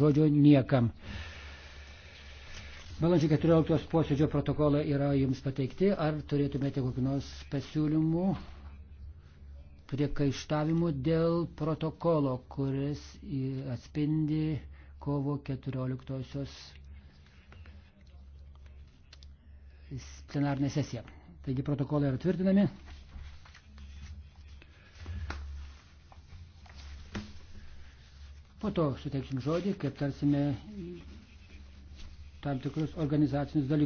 žodžio niekam. Balandžio 14 posėdžio protokolai yra jums pateikti. Ar turėtumėte kokių nors pasiūlymų, priekaištavimų dėl protokolo, kuris atspindi kovo 14-osios plenarnę sesiją? Taigi protokolai yra tvirtinami. Po to suteiksim žodį, kaip tarsime tam tikrus organizacinius dalykus.